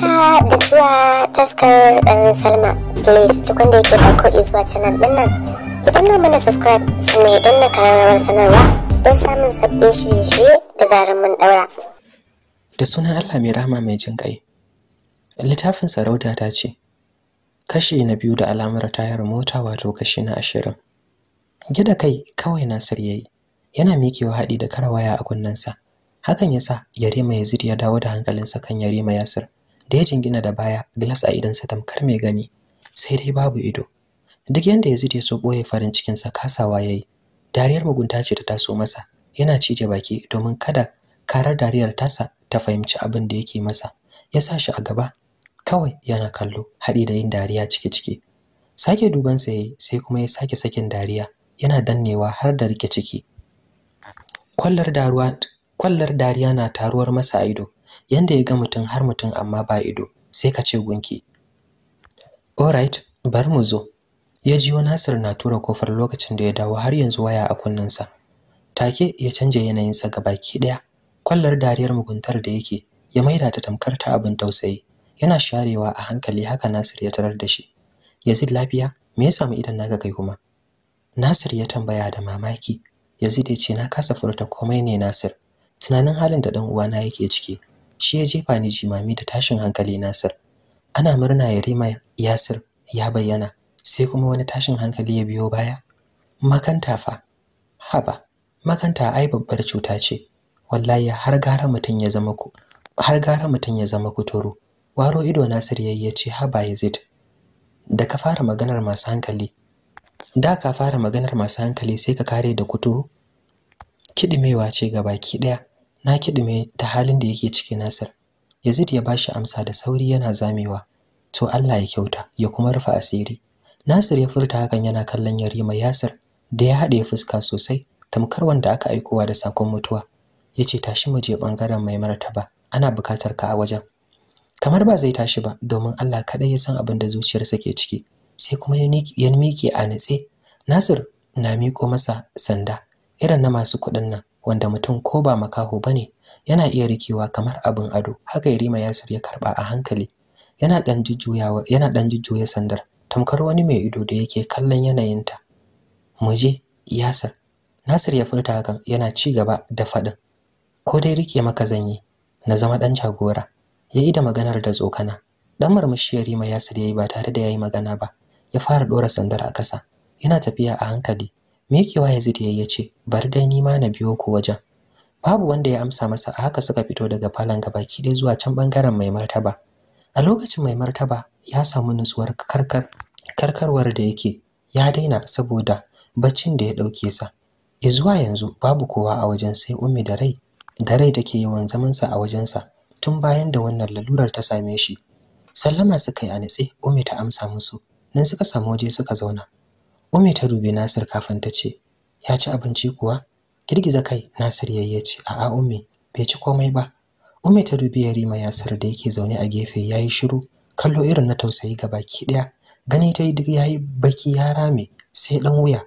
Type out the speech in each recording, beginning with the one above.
haka ah, da zuwa taskar ɗan um, salma please duk wanda yake farko izuwa canal ɗin nan ki danna mana subscribe sannan don na kararrawar sanarwa don samun sabbin shirye-shirye da zarar mun ɗaura da sunan allah mai rahama mai jin ƙai littafin sarauta ta ce kashi na biyu da alamar tayar mota wato kashi na ashirin gida kai kawai nasir ya yana mikewa haɗi da karawaya a kunnensa hakan ya sa yarima yazid ya dawo da hankalinsa kan yarima yasir da ya jingina da baya glass a idansa tamkar mai gani sai dai babu ido duk yanda Yazid ya so boye farin cikin sa kasawa yayi dariyar mugunta ce ta taso masa yana cije baki domin kada karar dariyar tasa ta fahimci abin da yake masa ya sa shi a gaba kawai yana kallo haɗi da yin dariya ciki-ciki sake duban sa yayi sai kuma ya sake sakin dariya yana dannewa har da rike ciki kwallar daruwa kwallar dariya na taruwar masa a ido yanda ya ga mutum har mutum amma ba ido sai ka ce gunki alright bar mu zo ya jiyo Nasir na tura kofar lokacin da ya dawo har yanzu waya a kunnensa take ya canja yanayinsa baki daya kwallar dariyar muguntar da yake ya maida ta tamkar ta abin tausayi yana sharewa a hankali haka Nasir ya tarar da shi Yazid lafiya me ya samu idan naga kai kuma Nasir ya tambaya da mamaki Yazid ya ce na kasa furta komai ne Nasir tunanin halin da dan uwana yake ciki shi ya jefa ni jimami da tashin hankali Nasir ana murna Yarima Yasir ya bayyana sai kuma wani tashin hankali ya biyo baya makanta fa haba makanta ai babbar cuta ce wallahi har gara mutum ya zama ku har gara mutun ya zama kuturu waro ido Nasir yayi ya ce haba Yazid da ka fara maganar masu hankali da ka fara maganar masu hankali sai ka kare da kuturu kidimewa ce ga baki daya na kiɗime da halin da yake ciki Nasir. Yazid ya bashi amsa da sauri yana zamewa. To Allah ya kyauta ya kuma rufe asiri. Nasir ya furta hakan yana kallon Yarima Yasir da ya haɗe fuska sosai tamkar wanda aka aikowa da sakon mutuwa. Ya ce tashi mu je ɓangaren mai ba, ana buƙatar ka a wajen. Kamar ba zai tashi ba domin Allah kaɗai ya san abin da zuciyarsa ke ciki. Sai kuma ya miƙe a natse. Nasir na miko masa sanda irin na masu kuɗin nan wanda mutum ko ba makaho ba ne yana iya rikewa kamar abin ado haka Yarima Yasir ya karɓa a hankali yana dan jujjuyawa yana jujjuya sandar tamkar wani mai ido da yake kallon yanayinta muje Yasir Nasir ya furta hakan yana ci gaba da faɗin. Ko dai rike maka zanyi na zama ɗan jagora. Ya yi da maganar da tsokana. Dan murmushi ya rima Yasir yayi ba tare da ya yi magana ba. Ya fara ɗora sandar a ƙasa, Yana tafiya a hankali Mekewa Yazid ya ya ce, bari dai ni ma na biyo ku wajen. Babu wanda ya amsa masa a haka suka fito daga falon ki ɗaya zuwa can bangaren mai martaba. A lokacin mai martaba ya samu nutsuwar karkar karkarwar da yake ya daina saboda baccin da ya ɗauke sa. zuwa yanzu babu kowa a wajen sai Ummi da Rai da Rai take yawan zaman sa a wajen sa tun bayan da wannan lalurar ta same shi. Sallama suka yi a nitse Ummi ta amsa musu nan suka samu waje suka zauna. Ummi ta dubi Nasir kafin ta ce, "Ya ci abinci kuwa?" Girgiza kai Nasir yayi ya ce, "A'a Ummi, bai ci komai ba." Ummi ta dubi Yarima Yasir da yake zaune a gefe yayi shiru, kallo irin na tausayi ga baki ɗaya, Gani ta yi duk yayi baki ya rame, sai ɗan wuya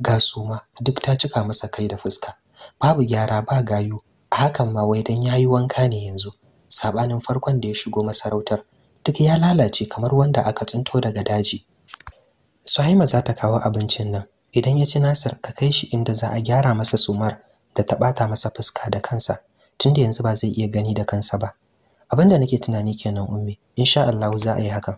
ga suma duk ta cika masa kai da fuska. Babu gyara ba gayu, a hakan ma wai dan yayi wanka ne yanzu. Sabanin farkon da ya shigo masarautar, duk ya lalace kamar wanda aka tsinto daga daji. Suhaima za ta kawo abincin nan. Idan ya ci Nasir ka kai shi inda za a gyara masa sumar da ta bata masa fuska da kansa tunda yanzu ba zai iya gani da kansa ba. Abin da nake tunani kenan ummi, insha Allah za a yi hakan.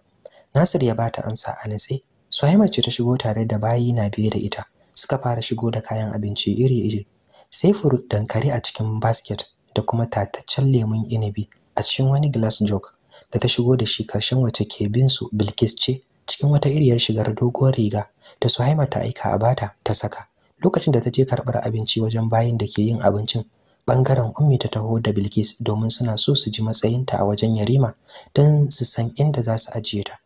Nasir ya bata amsa a natse. Suhaima ce ta shigo tare da bayi na biye da ita. Suka fara shigo da kayan abinci iri-iri. Sai furut kare a cikin basket da kuma tataccen lemun inabi a cikin wani glass jug da ta shigo da shi karshen wace ke bin su Bilkis ce cikin wata iriyar shigar doguwar riga da Suhaima ta aika a bata ta saka lokacin da ta je karɓar abinci wajen bayin da ke yin abincin bangaren ummi ta taho da Bilkis domin suna so su ji matsayinta a wajen Yarima don su san inda za su ajiye ta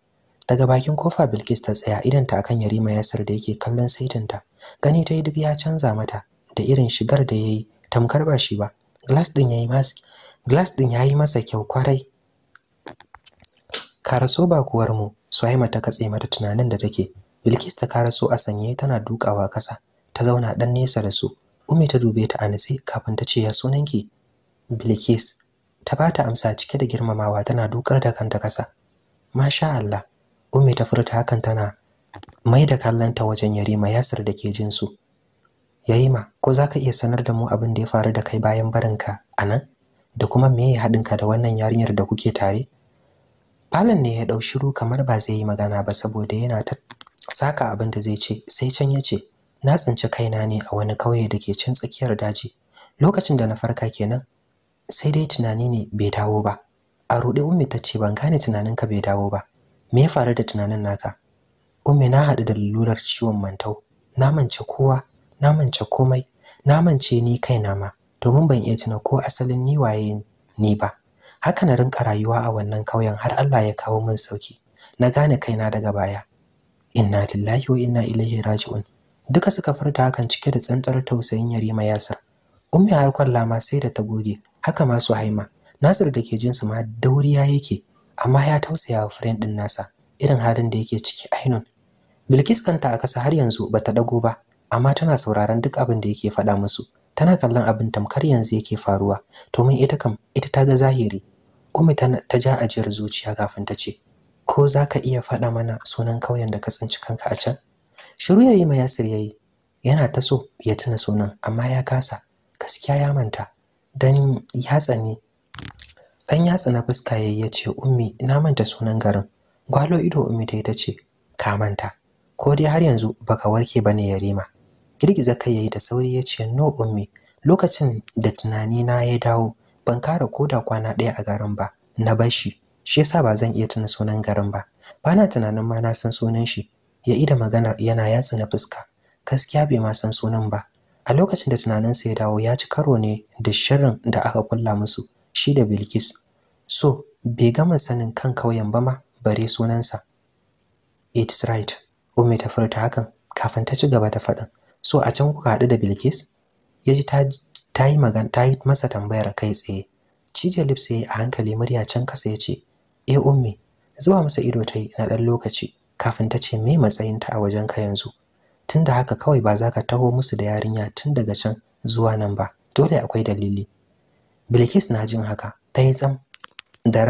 daga bakin kofa Bilkis ta tsaya idan ta akan Yarima Yasir da yake kallon saitinta gani ta yi duk ya canza mata da irin shigar da yayi tamkar ba shi ba glass din yayi mask glass din yayi masa kyau kwarai karaso ba kuwar mu Suhaima ta katse mata tunanin da take. Bilkis ta karaso a sanye tana dukawa kasa. Ta zauna dan nesa da su. Ummi ta dube ta a nitse kafin ta ce ya sunanki. Bilkis ta bata amsa cike da girmamawa tana dukar da kanta kasa. Masha Allah. Ummi ta furta hakan tana mai da kallanta wajen Yarima Yasir da ke jin su. Yarima, ko za ka iya sanar da mu abin da ya faru da kai bayan barinka a nan? Da kuma me ya haɗinka da wannan yarinyar da kuke tare? Malam ne ya ɗau shiru kamar ba zai yi magana ba saboda yana ta saka abin da zai ce sai can ya ce na tsinci kaina ne a wani kauye da ke can tsakiyar daji lokacin da na farka kenan sai dai tunani ne bai dawo ba a ruɗe ummi ta ce ban gane tunaninka bai dawo ba me ya faru da tunanin naka ummi na haɗu da lalurar ciwon mantau na mance kowa na mance komai na mance ni kaina ma domin ban iya tuna ko asalin ni waye ni ba haka na rinka rayuwa a wannan kauyen har Allah ya kawo min sauki na gane kaina daga baya inna lillahi wa inna ilaihi raji'un duka suka furta hakan cike da tsantsar tausayin Yarima Yasir ummi har kwalla ma sai da ta goge haka ma su haima Nasir da ke jinsu ma dauriya yake amma ya tausaya wa friend din nasa irin halin da yake ciki ainun Bilkis kanta a kasa har yanzu bata dago ba amma tana sauraron duk abin da yake faɗa musu tana kallon abin tamkar yanzu yake faruwa to mun ita kam ita ta ga zahiri Ummi ta ja ajiyar zuciya kafin ta ce, "Ko za ka iya faɗa mana sunan ƙauyen da ka tsinci kanka a can?" Shiru ya yi ma Yasir ya yi, yana ta so ya tuna sunan, amma ya kasa, gaskiya ya manta, don ya tsani. Ɗan yatsa na fuska ya yi ya ce, "Ummi, na manta sunan garin." Gwalo ido Ummi ta yi ta ce, "Ka manta, ko dai har yanzu baka warke ba ne Yarima." Girgiza kai ya yi da sauri ya ce, "No, Ummi, lokacin da tunanina ya dawo, ban kara da kwana ɗaya a garin ba na bashi shi yasa ba zan iya tuna sunan garin ba Ba na tunanin ma na san sunan shi ya ida maganar yana yatsa na fuska gaskiya bai ma san sunan ba a lokacin da tunanin sa ya dawo ya ci karo ne da shirin da aka kulla musu shi da Bilkis so bai gama sanin kan kauyen ba ma bare sunansa it's right Ummi ta furta hakan kafin ta ci gaba da faɗin so a can kuka haɗu da Bilkis ya ji ta ta yi magana ta yi masa tambayar kai tsaye cije lips yayi a hankali murya can kasa ya ce eh ummi zuwa masa ido ta yi na ɗan lokaci kafin ta ce me matsayinta a wajen ka yanzu tunda haka kawai ba za ka taho musu da yarinya tun daga can zuwa nan ba dole akwai dalili bilkis na jin haka ta yi tsam da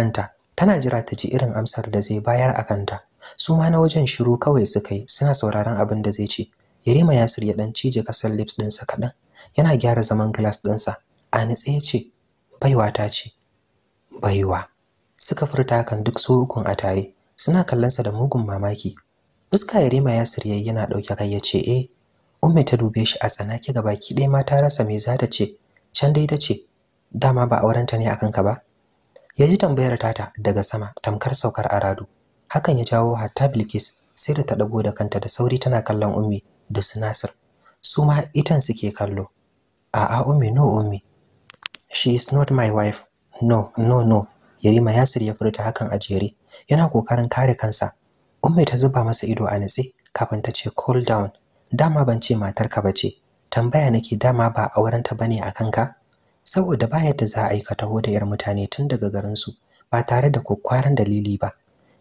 tana jira ta ji irin amsar da zai bayar a kanta su ma na wajen shiru kawai suka yi suna sauraron abin da zai ce Yarima ya ya dan cije kasar lips ɗinsa kaɗan. Yana gyara zaman glass ɗinsa. A nitse ya ce, "Baiwa ta ce." Baiwa. Suka furta hakan duk su a tare. Suna kallonsa da mugun mamaki. Fuska Yarima ya yayi yana ɗauke kai ya ce, "Eh." Ummi ta dube shi a tsanake ga baki ɗaya ma ta rasa me za ta ce. Can dai ta ce, "Dama ba ta ne akan ka ba?" Ya ji tambayar tata daga sama tamkar saukar aradu. Hakan ya jawo hatta Bilkis sai da ta dago da kanta da sauri tana kallon Ummi da su Nasir. Su ma itan suke kallo. A'a Umi, no Umi. She is not my wife. No, no, no. Yarima Yasir ya furta hakan a jere. Yana kokarin kare kansa. Ummi ta zuba masa ido a nitse kafin ta ce cool down. Dama ban ce matarka ba ce. Tambaya nake dama ba aurenta bane akan ka Saboda ba yadda za a yi ka taho da yar mutane tun daga garinsu ba tare da kwakwaran dalili ba.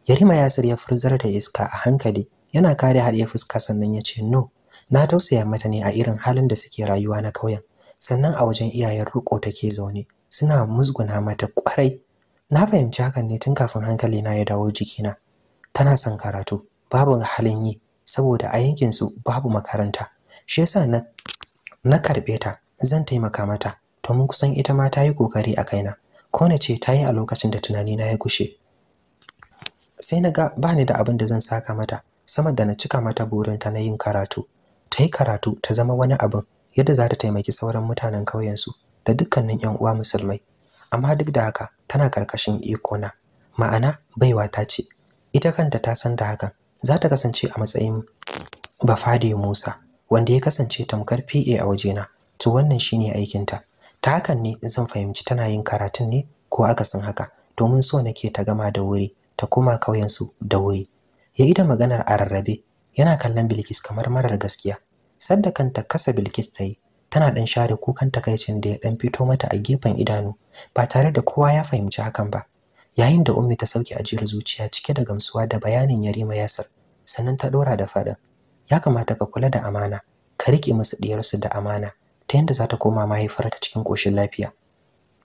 Yarima Yasir ya furzar da iska a hankali yana kare ya fuska sannan ya ce no na tausaya mata ne a irin halin da suke rayuwa na kauyen sannan a wajen iyayen ruko take zaune suna musguna mata kwarai na fahimci hakan ne tun kafin hankali na ya dawo jikina tana son karatu babu halin yi saboda a yankin su babu makaranta shi yasa na na karbe ta zan taimaka mata domin kusan ita ma ta yi kokari a kaina ko na ce ta yi a lokacin da tunani na ya gushe sai na ga ba da abin da zan saka mata sama da na cika mata burinta na yin karatu ta yi karatu ta zama wani abin yadda za ta taimaki sauran mutanen ƙauyensu da dukkanin 'yan uwa musulmai amma duk da haka tana karkashin ikona ma'ana baiwa ta ce ita kanta ta san da hakan za ta kasance a matsayin bafade musa wanda ya kasance tamkar pa a wajena to wannan shine aikinta ta hakan ne zan fahimci tana yin karatun ne ko akasin haka domin so nake ta gama da wuri ta koma ƙauyensu da wuri ya ita maganar a rarrabe yana kallon Bilkis kamar marar gaskiya. Sadda kanta kasa Bilkis ta yi, tana ɗan share kukan takaicin da ya ɗan fito mata a gefen idanu, ba tare da kowa ya fahimci hakan ba. Yayin da Ummi ta sauke ajiyar zuciya cike da gamsuwa da bayanin Yarima Yasir, sannan ta ɗora da faɗin. Ya kamata ka kula da amana, ka riƙe musu ɗiyarsu da amana, ta yadda za ta koma mahaifarta cikin koshin lafiya.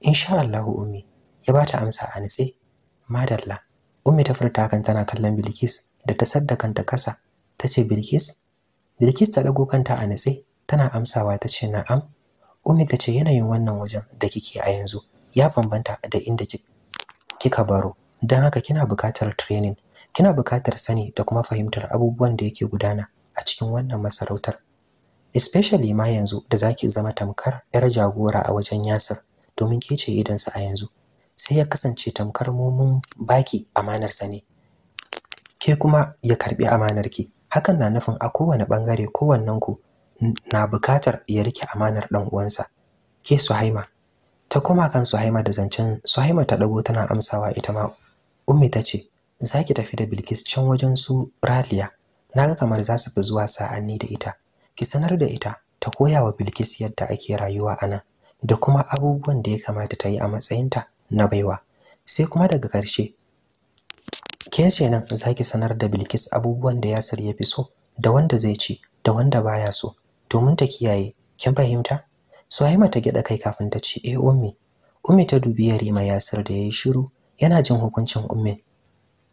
Insha Allahu Ummi, ya ba ta amsa a nitse. Madalla, Ummi ta furta hakan tana kallon Bilkis da ta sadda kanta kasa ta ce Bilkis? Bilkis ta ɗago kanta a natse tana amsawa ta ce na'am. Umi ta ce yanayin wannan wajen da kike a yanzu ya bambanta da inda kika baro don haka kina buƙatar training kina buƙatar sani da kuma fahimtar abubuwan da yake gudana a cikin wannan masarautar especially ma yanzu da zaki zama tamkar yar jagora a wajen Yasir domin ke ce idansa a yanzu sai ya kasance tamkar mumun baki amanarsa ne ke kuma ya karbi amanar ki hakan na nufin a kowane bangare kowannen ku na bukatar ya rike amanar dan uwansa ke Suhaima ta koma kan Suhaima da zancen Suhaima ta dago tana amsawa ita ma ummi ta ce zaki tafi da Bilkis can wajen su Raliya naga kamar za su fi zuwa sa'anni da ita ki sanar da ita ta koya wa Bilkis yadda ake rayuwa a nan da kuma abubuwan da ya kamata ta yi a matsayinta na baiwa sai kuma daga ƙarshe ke ce nan za ki sanar da Bilkis abubuwan da Yasir ya fi so da wanda zai ci da wanda baya so domin ta kiyaye kin fahimta Suhaima mata gida kai kafin ta ce eh ummi ummi ta dubi Yarima Yasir da yayi shiru yana jin hukuncin ummi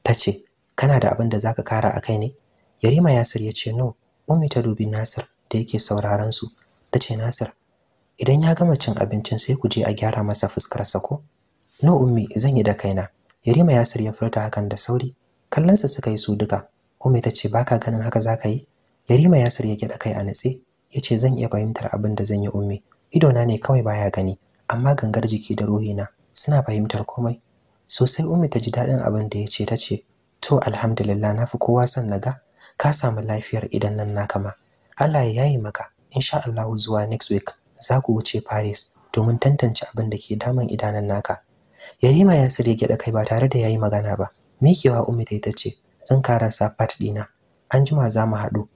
ta ce kana da abin da zaka kara a kai ne Yarima Yasir ya ce no ummi ta dubi Nasir da yake sauraron su ta ce Nasir idan ya gama cin abincin sai ku je a gyara masa fuskar sa ko no ummi zan yi da kaina Yarima ya sarya furta hakan da sauri, kallonsa suka yi su duka. Ummi ta ce baka ganin haka zaka yi? Yarima ya sirya gida kai a natse, ya ce zan iya fahimtar abin da zan yi Ummi. Idona ne kawai baya gani, amma gangar jiki da ruhina suna fahimtar komai. Sosai Ummi ta ji daɗin abin da ya ce ta ce, to alhamdulillah na fi kowa son naga, ka samu lafiyar idan nan naka ma Allah ya yayi maka, insha Allah zuwa next week za ku wuce Paris domin tantance abin da ke damun idanun naka. Yarima ya sire gida kai ba tare da yayi magana ba. Mikewa Ummi ta tace "Zan karasa part dina. An jima za mu haɗu."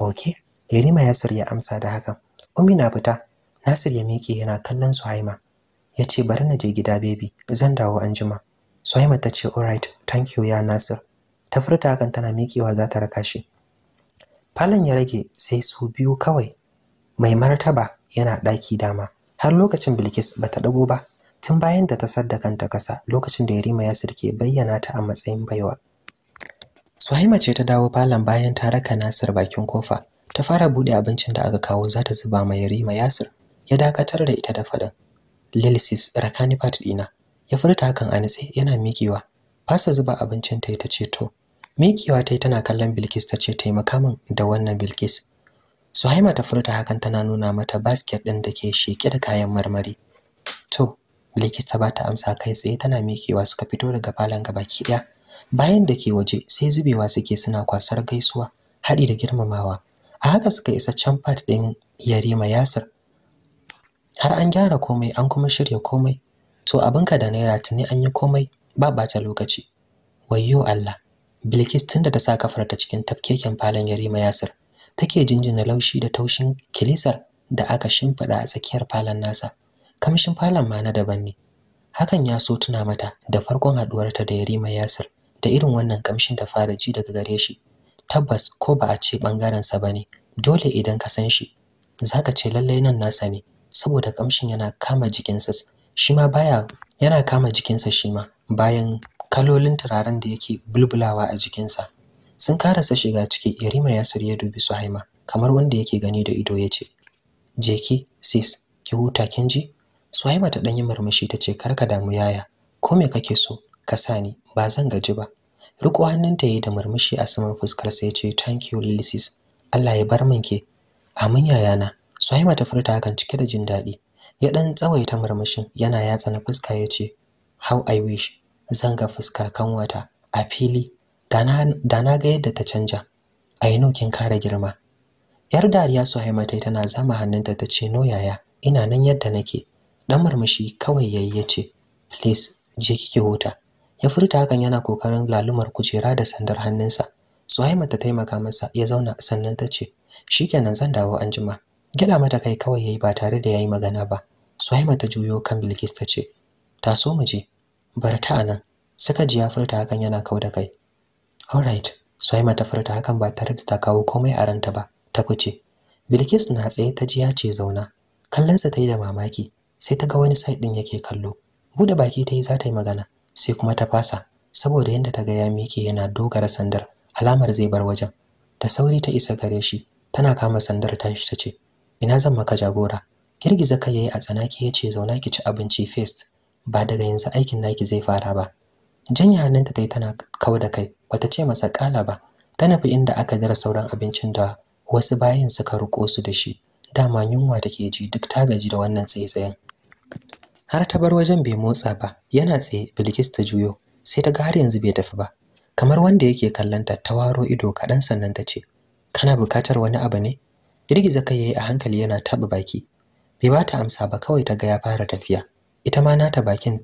"Okay." Yarima ya ya amsa da hakan. Ummi na fita. Nasir ya mike yana kallon Suhaima. Ya ce, "Bari na je gida baby, zan dawo an jima." Suhaima ta ce, "Alright, thank you ya Nasir." Ta furta hakan tana mikewa za ta raka shi. Falon ya rage sai su biyu kawai. Mai martaba yana ɗaki dama. Har lokacin Bilkis bata dago ba. tun bayan da ta sadda kanta kasa lokacin da Yarima ya sirke bayyana ta a matsayin baiwa Suhaima ce ta dawo falon bayan ta raka Nasir bakin kofa ta fara buɗe abincin da aka kawo za ta zuba ma Yarima Yasir ya dakatar da ita da faɗin Lilsis rakani fat dina ya furta hakan a nitse yana mikewa fasa zuba abincin ta ita ce to mikewa ta tana kallon Bilkis ta ce taimaka min da wannan Bilkis Suhaima ta furta hakan tana nuna mata basket ɗin da ke sheke da kayan marmari to Bilkis ta bata amsa kai tsaye tana mikewa suka fito daga falon ki daya. Bayan da ke waje sai zubewa suke suna kwasar gaisuwa haɗi da girmamawa. A haka suka isa can fat ɗin Yarima Yasir. Har an gyara komai an kuma shirya komai. To abinka da naira tuni an yi komai ba bata lokaci. Wayyo Allah. Bilkis tunda ta sa ta cikin tafkeken falon Yarima Yasir take jinjina laushi da taushin kilisar da aka shimfiɗa a tsakiyar falon nasa. kamshin falon ma na daban ne hakan ya so tuna mata da farkon haduwarta da Yarima Yasir da irin wannan kamshin da fara ji daga gare shi tabbas ko ba a ce bangaren sa bane dole idan ka san shi zaka ce lallai nan nasa ne saboda kamshin yana kama jikinsa shi baya yana kama jikinsa shi bayan kalolin turaren da yake bulbulawa a jikinsa sun karasa shiga ciki Yarima Yasir ya dubi Suhaima kamar wanda yake gani da ido yace jeki sis ki huta kin ji Suhaima ta ɗan yi murmushi ta ce kar ka damu yaya, ko me kake so ka sa ni ba zan gaji ba. Riko hannunta yayi da murmushi a saman fuskar sai ya ce thank you Lilisis. Allah ya bar min ke. Amin yayana. Suhaima ta furta hakan cike da jin daɗi. Ya ɗan tsawaita murmushin yana yatsa na fuska ya ce how I wish zan ga fuskar kanwata a fili da na ga yadda ta canja. A yi kin kara girma. Yar dariya Suhaima tai tana zama hannunta ta ce no yaya ina nan yadda nake. dan murmushi kawai yayi yace please je kike huta ya furta hakan yana kokarin lalumar kujera da sandar hannunsa Suhaima ta taimaka masa ya zauna sannan ta ce shikenan zan dawo anjima gida mata kai kawai yayi ba tare da yayi magana ba Suhaima ta juyo kan Bilkis ta ce taso mu je bar ta anan suka ji ya furta hakan yana kau da kai alright Suhaima ta furta hakan ba tare da ta kawo komai a ranta ba ta fice Bilkis na tsaye ta ji ya ce zauna kallonsa ta yi da mamaki sai ta ga wani site din yake kallo bude baki ta yi za ta yi magana sai kuma ta fasa saboda yadda ta ga ya miƙe yana dogara sandar alamar zai bar wajen da sauri ta isa gare shi tana kama sandar tashi ta ce ina zan maka jagora girgiza kai yayi a tsanaki ce zauna ki ci abinci first ba daga yanzu aikin naki zai fara ba janya hannunta yi tana kawo da kai bata ce masa ƙala ba ta nufi inda aka dara sauran abincin da wasu bayan suka ruko su da shi dama yunwa take ji duk ta gaji da wannan tsaye-tsayen. har ta bar wajen bai motsa ba yana tsaye bilkis ta juyo sai ta ga har yanzu bai tafi ba kamar wanda yake kallanta ta waro ido kaɗan sannan ta ce kana bukatar wani abu ne girgiza kai yayi a hankali yana taɓa baki bai ba ta amsa ba kawai ta ga ya fara tafiya ita ma nata bakin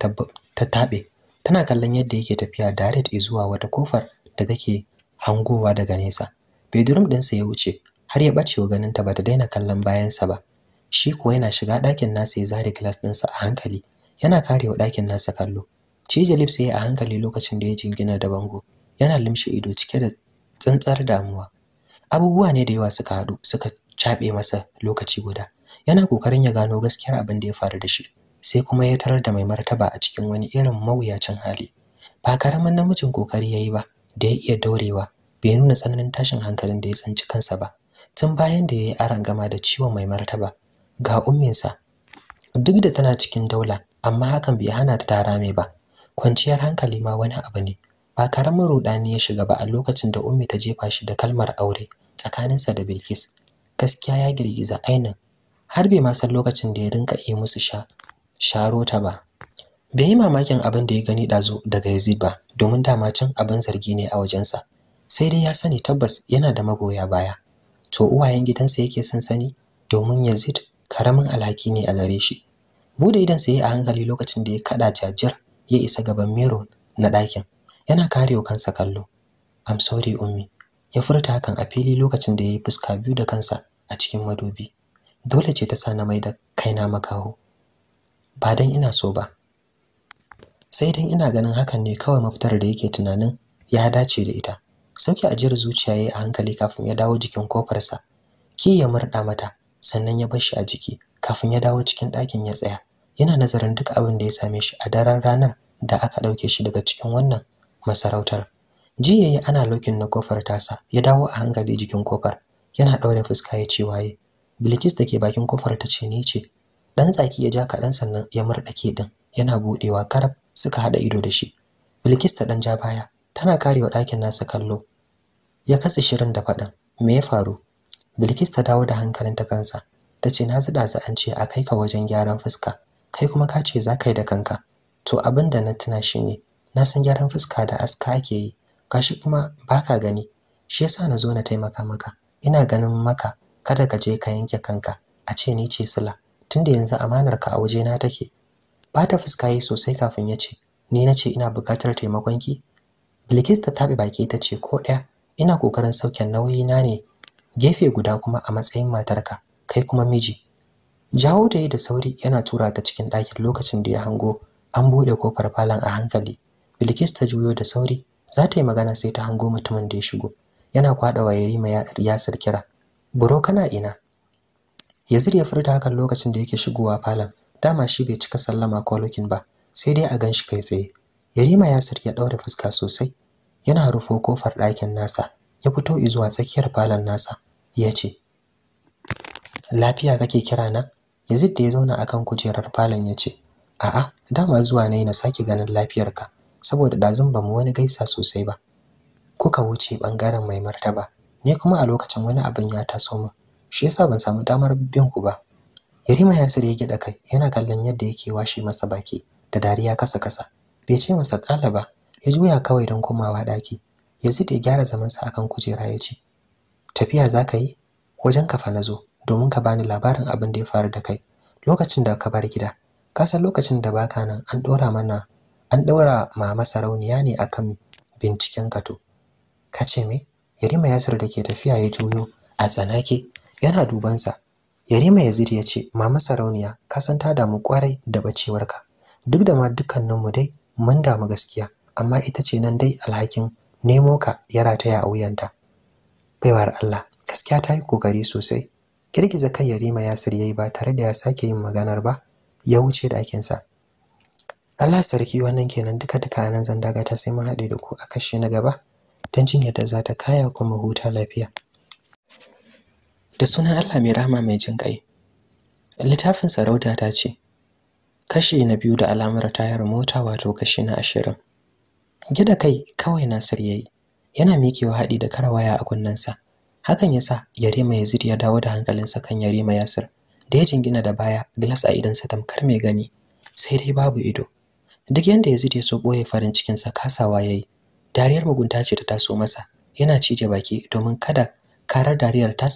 ta taɓe tana kallon yadda yake tafiya direct zuwa wata kofar da take hangowa daga nesa bedroom ɗinsa ya wuce har ya ɓacewa ganinta ba ta daina kallon bayansa ba shi ko yana shiga ɗakin nasa ya zare glass ɗinsa a hankali yana karewa ɗakin nasa kallo cije lips yayi a hankali lokacin da ya jingina da bango yana limshe ido cike da tsantsar damuwa abubuwa ne da yawa suka haɗu suka caɓe masa lokaci guda yana kokarin ya gano gaskiyar abin da ya faru da shi sai kuma ya tarar da mai martaba a cikin wani irin mawuyacin hali ba karaman namijin kokari yayi ba da ya iya daurewa bai nuna tsananin tashin hankalin da ya tsinci kansa ba tun bayan da ya yi aran gama da ciwon mai martaba ga umminsa duk da tana cikin daula amma hakan bai hana ta tara mai ba kwanciyar hankali ma wani abu ne ba karamin rudani ya shiga ba a lokacin da ummi ta jefa shi da kalmar aure tsakaninsa da Bilkis gaskiya ya girgiza ainin har bai ma san lokacin da ya rinka yi musu sha sharo ta ba bai yi mamakin abin da ya gani dazu daga Yazid ba domin dama can abin zargi ne a wajensa sai dai ya sani tabbas yana da magoya baya to uwayen gidansa yake son sani domin Yazid karamin alhaki ne a gare shi bude idan sai a hankali lokacin da ya kada jajir ya isa gaban mirror na ɗakin yana karewa kansa kallo I'm sorry ummi ya furta hakan a fili lokacin da ya yi fuska biyu da kansa a cikin madubi dole ce ta sa na mai da kaina makaho ba dan ina so ba sai dan ina ganin hakan ne kawai mafitar da yake tunanin ya dace da ita sauki ajiyar zuciya yayi a hankali kafin ya dawo jikin kofarsa ki ya murda mata sannan ya bar shi a jiki kafin ya dawo cikin ɗakin ya tsaya yana nazarin duk abin da ya same shi a daren ranar da aka ɗauke shi daga cikin wannan masarautar jiya ya ana lokin na kofar tasa ya dawo a hankali jikin kofar yana ɗaure fuska ya ce waye bilkis da ke bakin kofar ta ce ni ce ɗan tsaki ya ja kaɗan sannan ya murɗake ɗin yana buɗewa karab suka haɗa ido da shi bilkis ta ɗan ja baya tana karewa ɗakin nasa kallo ya katse shirin da faɗin me ya faru Bilkis ta dawo da hankalinta kansa. Ta ce na zida za an ce a kai ka wajen gyaran fuska. Kai kuma ka ce za ka yi da kanka. To abin da na tuna shi ne, na san gyaran fuska da aska ake yi. Kashi kuma baka gani. Shi yasa na zo na taimaka maka. Ina ganin maka kada ka je ka yanke kanka. A ce ni ce Sula. Tunda yanzu amanar ka a wajena take. Bata fuska yi sosai kafin ya ce, ni na ce ina buƙatar taimakonki. Bilkis ta taɓe baki ta ce ko ɗaya ina kokarin saukin nauyi na ne gefe guda kuma a matsayin matarka kai kuma miji jawo da yi da sauri yana tura ta cikin ɗakin lokacin da ya hango an buɗe kofar falon a hankali bilkis ta juyo da sauri za ta yi magana sai ta hango mutumin da ya shigo yana kwaɗa yarima ma yasir kira buro kana ina yazir ya furta hakan lokacin da yake shigowa falon dama shi bai cika sallama ko lokin ba sai dai a gan shi kai tsaye yarima yasir ya ɗaure fuska sosai yana rufo kofar ɗakin nasa ya fito zuwa tsakiyar falon nasa ya ce lafiya kake kira na yazid da ya zauna akan kujerar falon ya ce a'a dama zuwa ne na sake ganin lafiyarka saboda ɗazun ba mu wani gaisa sosai ba kuka wuce ɓangaren mai martaba ne kuma a lokacin wani abin ya taso min shi yasa ban samu damar bin ku ba yarima yasir ya gida kai yana kallon yadda yake washe masa baki da dariya kasa kasa bai ce masa kala ba ya juya kawai don komawa ɗaki yazid ya gyara zamansa akan kujera ya ce tafiya za ka yi wajen kafa fa na zo domin ka bani labarin abin da ya faru da kai lokacin da ka bar gida ka san lokacin da baka nan an ɗora mana an ɗora mama sarauniya ne akan binciken ka to ka ce me yarima yasir da ke tafiya ya juyo a tsanake yana dubansa yarima yazid ya ce mama sarauniya ka san ta damu kwarai da bacewarka duk da ma mu dai mun damu gaskiya amma ita ce nan dai alhakin nemo ka ya rataya a wuyanta baiwar Allah gaskiya ta yi kokari sosai girgiza kai Yarima ya sirye ba tare da ya sake yin maganar ba ya wuce ɗakinsa Allah sarki wannan kenan duka duka nan zan daga ta sai mun haɗe da ku a kashi na gaba dan jin yadda za ta kaya kuma huta lafiya da sunan Allah mai rahama mai jin kai littafin sarauta ta ce kashi na biyu da alamar tayar mota wato kashi na ashirin gida kai kawai Nasir yi. yana mikewa haɗi da waya a kunnensa hakan yasa yarima yazid ya dawo da hankalinsa kan yarima yasir da ya jingina da baya glass a idan sa tamkar mai gani sai dai babu ido duk yanda yazid ya so ɓoye farin cikinsa kasawa ya yi dariyar mugunta ce ta taso masa yana cije baki domin kada karar dariyar ta